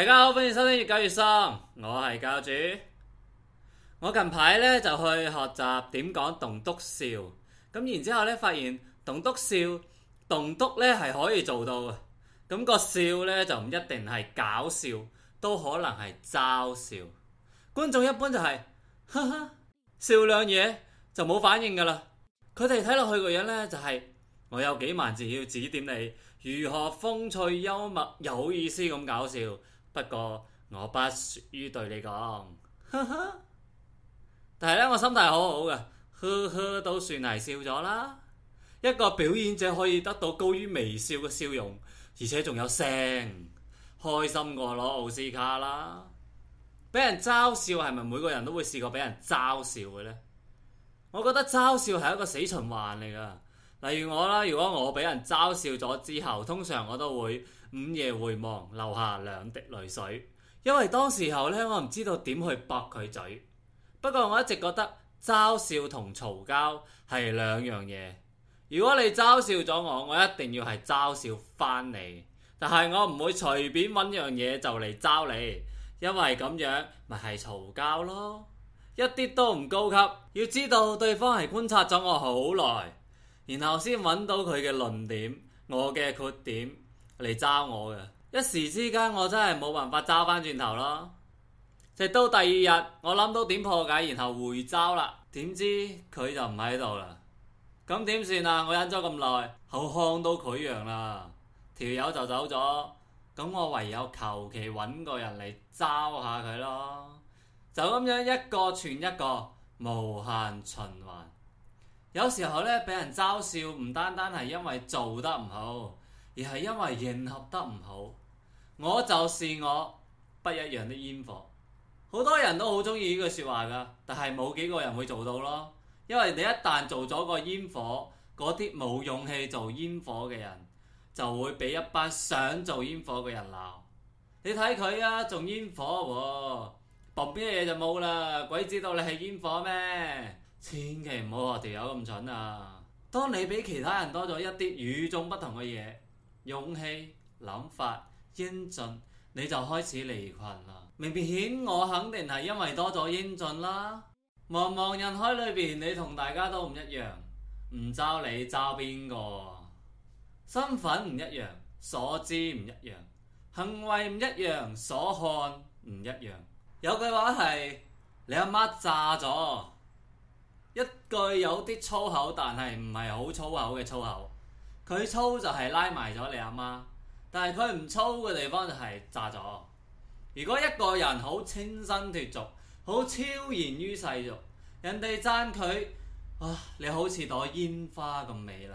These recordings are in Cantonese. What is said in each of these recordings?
大家好，歡迎收聽越搞越深，我係教主。我近排咧就去學習點講棟篤笑，咁然之後咧發現棟篤笑棟篤咧係可以做到嘅，咁、那個笑咧就唔一定係搞笑，都可能係嘲笑。觀眾一般就係呵呵，笑兩嘢就冇反應噶啦，佢哋睇落去個樣咧就係、是、我有幾萬字要指點你如何風趣幽默有意思咁搞笑。不過我不屑於對你講，呵呵，但係咧，我心態好好嘅，呵呵都算係笑咗啦。一個表演者可以得到高於微笑嘅笑容，而且仲有聲開心過攞奧斯卡啦。俾人嘲笑係咪每個人都會試過俾人嘲笑嘅呢？我覺得嘲笑係一個死循環嚟噶。例如我啦，如果我俾人嘲笑咗之後，通常我都會午夜回望，流下兩滴淚水，因為當時候咧，我唔知道點去駁佢嘴。不過我一直覺得嘲笑同嘈交係兩樣嘢。如果你嘲笑咗我，我一定要係嘲笑翻你，但係我唔會隨便揾樣嘢就嚟嘲笑你，因為咁樣咪係嘈交咯，一啲都唔高級。要知道對方係觀察咗我好耐。然後先揾到佢嘅論點，我嘅缺點嚟揸我嘅，一時之間我真係冇辦法揸翻轉頭咯。直到第二日，我諗到點破解，然後回揸啦，點知佢就唔喺度啦。咁點算啊？我忍咗咁耐，口腔都潰瘍啦，條友就走咗。咁我唯有求其揾個人嚟揸下佢咯。就咁樣一個傳一個，無限循環。有時候咧，俾人嘲笑唔單單係因為做得唔好，而係因為迎合得唔好。我就是我，不一樣的煙火。好多人都好鍾意呢句説話㗎，但係冇幾個人會做到咯。因為你一旦做咗個煙火，嗰啲冇勇氣做煙火嘅人就會俾一班想做煙火嘅人鬧。你睇佢啊，仲煙火喎，啊，旁邊嘅嘢就冇啦，鬼知道你係煙火咩？千祈唔好學條友咁蠢啊！當你比其他人多咗一啲與眾不同嘅嘢、勇氣、諗法、英俊，你就開始離群啦。明明顯我肯定係因為多咗英俊啦。茫茫人海裏邊，你同大家都唔一樣，唔招你招邊個？身份唔一樣，所知唔一樣，行為唔一樣，所看唔一樣。有句話係你阿媽炸咗。一句有啲粗口，但係唔係好粗口嘅粗口。佢粗就係拉埋咗你阿媽，但係佢唔粗嘅地方就係炸咗。如果一個人好清新脫俗，好超然於世俗，人哋讚佢，哇、啊！你好似朵煙花咁美麗，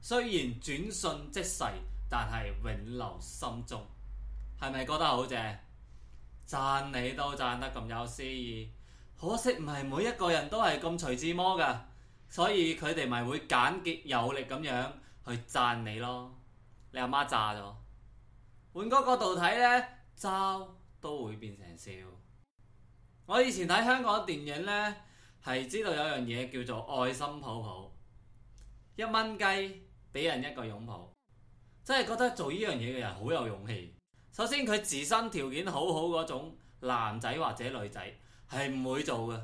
雖然轉瞬即逝，但係永留心中。係咪覺得好正？讚你都讚得咁有詩意。可惜唔係每一個人都係咁隨自摸噶，所以佢哋咪會簡潔有力咁樣去讚你咯。你阿媽炸咗，換個角度睇呢，嘲，都會變成笑。我以前睇香港電影呢，係知道有樣嘢叫做愛心抱抱，一蚊雞俾人一個擁抱，真係覺得做呢樣嘢嘅人好有勇氣。首先佢自身條件好好嗰種男仔或者女仔，係唔會做嘅，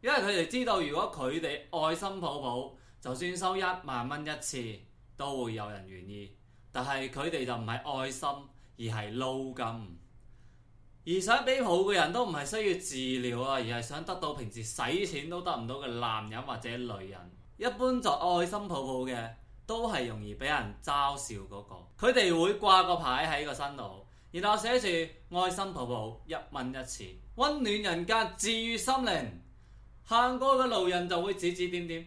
因為佢哋知道如果佢哋愛心抱抱，就算收一萬蚊一次，都會有人願意。但係佢哋就唔係愛心，而係撈金。而想俾抱嘅人都唔係需要治療啊，而係想得到平時使錢都得唔到嘅男人或者女人。一般做愛心抱抱嘅，都係容易俾人嘲笑嗰個。佢哋會掛個牌喺個身度，然後寫住愛心抱抱，一蚊一次。溫暖人格，治愈心靈。行過嘅路人就會指指點點。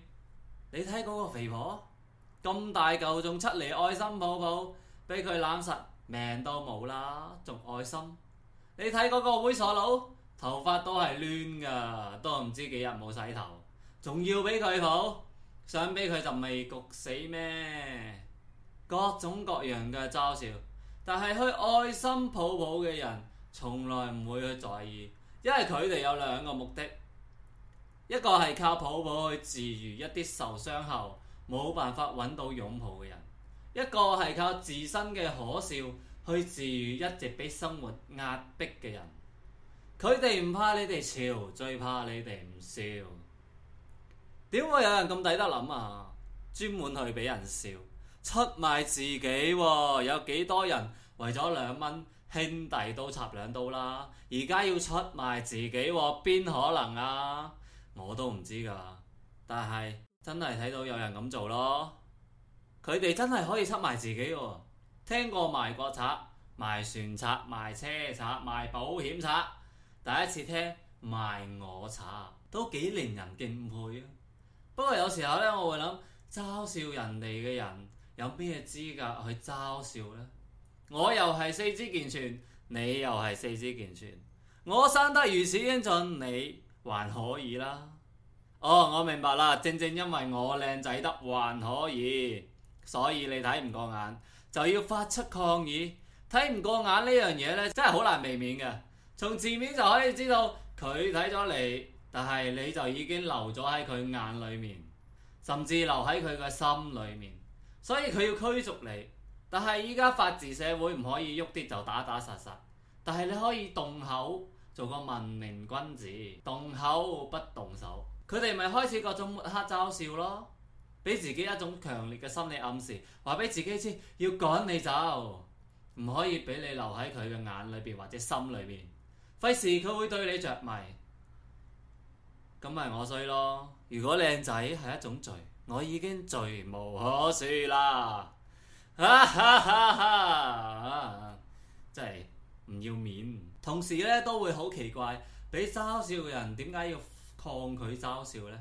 你睇嗰個肥婆，咁大嚿仲出嚟愛心抱抱，俾佢攬實，命都冇啦，仲愛心。你睇嗰個猥瑣佬，頭髮都係亂噶，都唔知幾日冇洗頭，仲要俾佢抱，想俾佢就未焗死咩？各種各樣嘅嘲笑，但係去愛心抱抱嘅人，從來唔會去在意，因為佢哋有兩個目的，一個係靠抱抱去治愈一啲受傷後冇辦法揾到擁抱嘅人，一個係靠自身嘅可笑去治愈一直俾生活壓迫嘅人。佢哋唔怕你哋笑，最怕你哋唔笑。點會有人咁抵得諗啊？專門去俾人笑，出賣自己啊。有幾多人為咗兩蚊？兄弟都插兩刀啦，而家要出賣自己，邊可能啊？我都唔知噶，但係真係睇到有人咁做咯，佢哋真係可以出賣自己喎。聽過賣國賊、賣船賊、賣車賊、賣保險賊，第一次聽賣我賊，都幾令人敬佩啊！不過有時候呢，我會諗，嘲笑人哋嘅人，有咩資格去嘲笑呢？我又係四肢健全，你又係四肢健全。我生得如此英俊，你還可以啦。哦，我明白啦，正正因為我靚仔得還可以，所以你睇唔過眼，就要發出抗議。睇唔過眼呢樣嘢咧，真係好難避免嘅。從字面就可以知道，佢睇咗你，但係你就已經留咗喺佢眼裏面，甚至留喺佢嘅心裏面，所以佢要驅逐你。但係依家法治社會唔可以喐啲就打打殺殺，但係你可以動口，做個文明君子，動口不動手。佢哋咪開始各種抹黑嘲笑咯，俾自己一種強烈嘅心理暗示，話俾自己知要趕你走，唔可以俾你留喺佢嘅眼裏邊或者心裏面，費事佢會對你着迷。咁咪我衰咯。如果靚仔係一種罪，我已經罪無可恕啦。啊，啊，啊，啊！真係唔要面，同時咧都會好奇怪。俾嘲笑嘅人點解要抗拒嘲笑呢？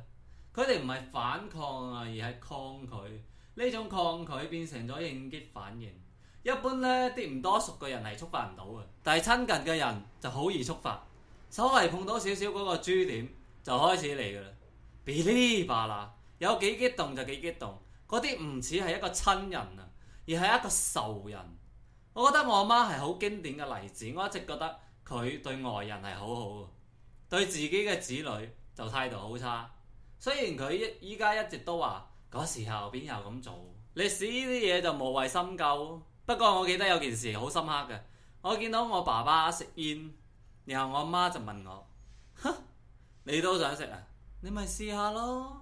佢哋唔係反抗啊，而係抗拒。呢種抗拒變成咗應激反應。一般咧啲唔多熟嘅人係觸發唔到嘅，但係親近嘅人就好易觸發。稍為碰到少少嗰個豬點就開始嚟噶啦，believe 罷啦，有幾激動就幾激動。嗰啲唔似係一個親人啊！而係一個仇人，我覺得我媽係好經典嘅例子。我一直覺得佢對外人係好好，對自己嘅子女就態度好差。雖然佢依家一直都話嗰時候邊有咁做，歷史呢啲嘢就無謂深究。不過我記得有件事好深刻嘅，我見到我爸爸食煙，然後我媽就問我：哼，你都想食啊？你咪試下咯。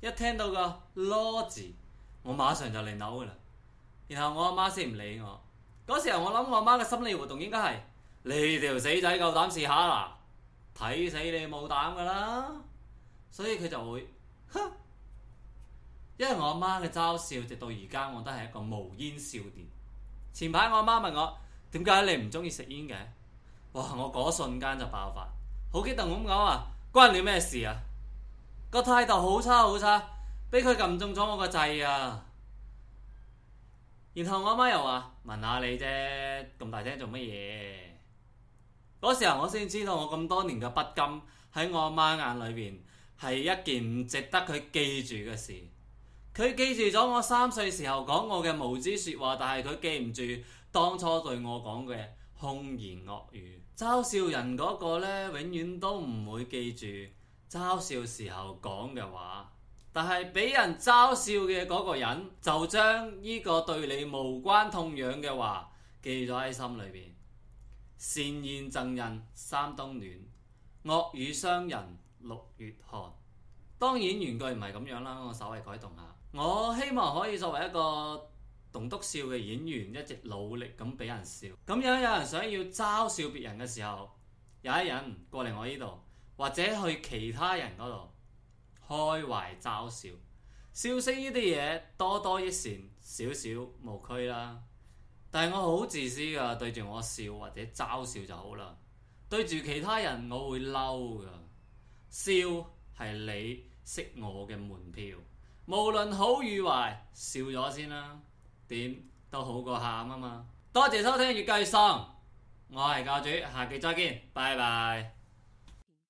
一聽到個咯字，我馬上就嚟扭噶啦。然後我阿媽先唔理我，嗰時候我諗我阿媽嘅心理活動應該係你條死仔夠膽試下啦，睇死你冇膽噶啦，所以佢就會，哼。因為我阿媽嘅嘲笑，直到而家我都係一個無煙少年。前排我阿媽問我點解你唔中意食煙嘅？哇！我嗰瞬間就爆發，好激動咁講啊，關你咩事啊？個態度好差好差，俾佢撳中咗我個掣啊！然後我阿媽又話：問下你啫，咁大聲做乜嘢？嗰時候我先知道我咁多年嘅不甘喺我阿媽眼裏邊係一件唔值得佢記住嘅事。佢記住咗我三歲時候講我嘅無知説話，但係佢記唔住當初對我講嘅兇言惡語。嘲笑人嗰個呢，永遠都唔會記住嘲笑時候講嘅話。但係俾人嘲笑嘅嗰個人，就將呢個對你無關痛癢嘅話記咗喺心裏邊。善言贈人三冬暖，惡語傷人六月寒。當然原句唔係咁樣啦，我稍微改動下。我希望可以作為一個棟篤笑嘅演員，一直努力咁俾人笑。咁樣有人想要嘲笑別人嘅時候，有一人過嚟我呢度，或者去其他人嗰度。開懷嘲笑，笑聲呢啲嘢，多多益善，少少無拘啦。但係我好自私噶對住我笑或者嘲笑就好啦。對住其他人我會嬲噶。笑係你識我嘅門票，無論好與壞，笑咗先啦，點都好過喊啊嘛。多謝收聽《越講越爽》，我係教主，下期再見，拜拜。